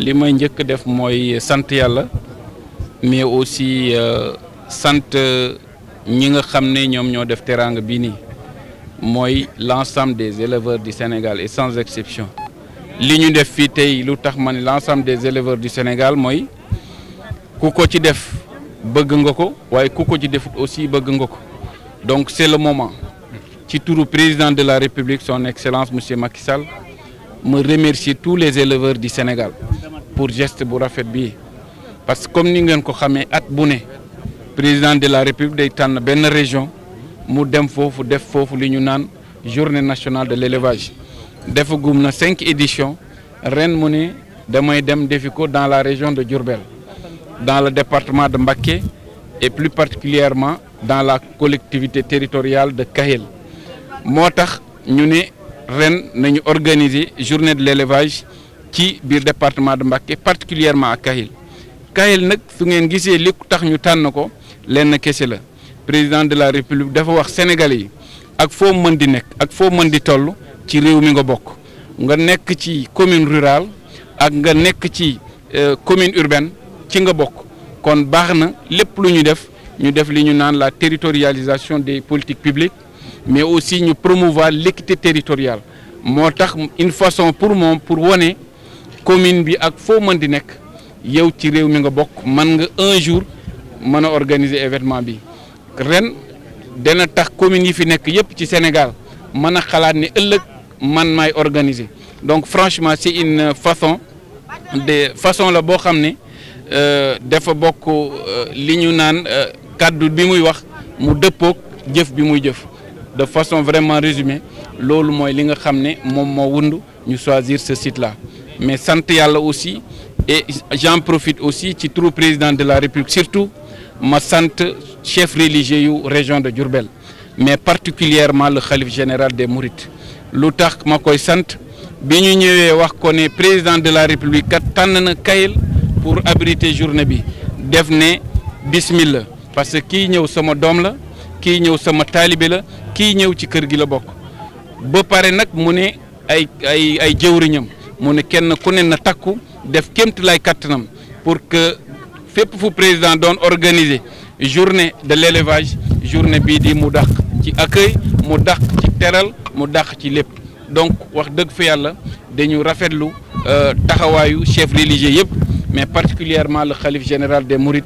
li may njëkk def moy sante yalla mais aussi euh, sante euh, ñi nga xam ne ñoo def teraanga bi ni moy l'ensemble des éleveurs du Sénégal et sans exception li ñu def fi tay lu tax l'ensemble des éleveurs du Sénégal moy ku ko ci def bëgg nga ko waye ku ci def aussi bëgg nga ko donc c'est le moment ci touru président de la République son excellence monsieur Macky Sall me remercier tous les éleveurs du Sénégal pour geste bu rafet fête. parce que comme ni ngeen ko xamé président de la république day dans ben région mu dem fofu def fofu li ñu journée nationale de l'élevage defagum na cinq éditions ren mu ne damay dem dans la région de Durbel. dans le département de Mbake et plus particulièrement dans la collectivité territoriale de Kahel Nous avons organisé la journée de l'élevage ci le département de particulièrement à Kahil Kahil président de la république dafa wax sénégalais commune rurale ak euh, commune urbaine ci nga la territorialisation des politiques publiques mais aussi ñu promouvoir l'équité territoriale Nous une façon pour moom pour commune bi ak fo mën di nek yow ci rew mi nga bok man nga un jour mën a organiser événement bi ren dana tax commune yi fi nek yëpp ci Sénégal mën a xalaat ne ëllëg man may organiser donc franchement c'est une façon de façon la bo xam euh dafa bokk euh, liñu nan naan euh, kàddu bi muy wax mu deppok jëf bi muy jëf de façon vraiment résumée loolu moy li nga xamné mom mo wundu ñu choisir ce site là mais Santé aussi et j'en profite aussi ci président de la république surtout ma sante chef religieux la région de Djourbel, mais particulièrement le calife général des Mourites. lu Makoy sant wax président de la république tant na pour abriter journée bi def bismillah parce que ki ñëw sama dom la ki ñëw sama talibé la ki ñëw ci kër gi la bok ba paré nak mu né ay ay ay mu ne kenn ku ne na takku def kémtu lay kattanam pour que fépp fu président doon organiser journée de l'élevage journée bii di mu dàq ci accueil mu dàq ci teral mu dàq ci lépp donc wax dëgg fa yàlla dañu rafetlu euh, taxawaayu chef religieux yëpp mais particulièrement le khalife général des mourides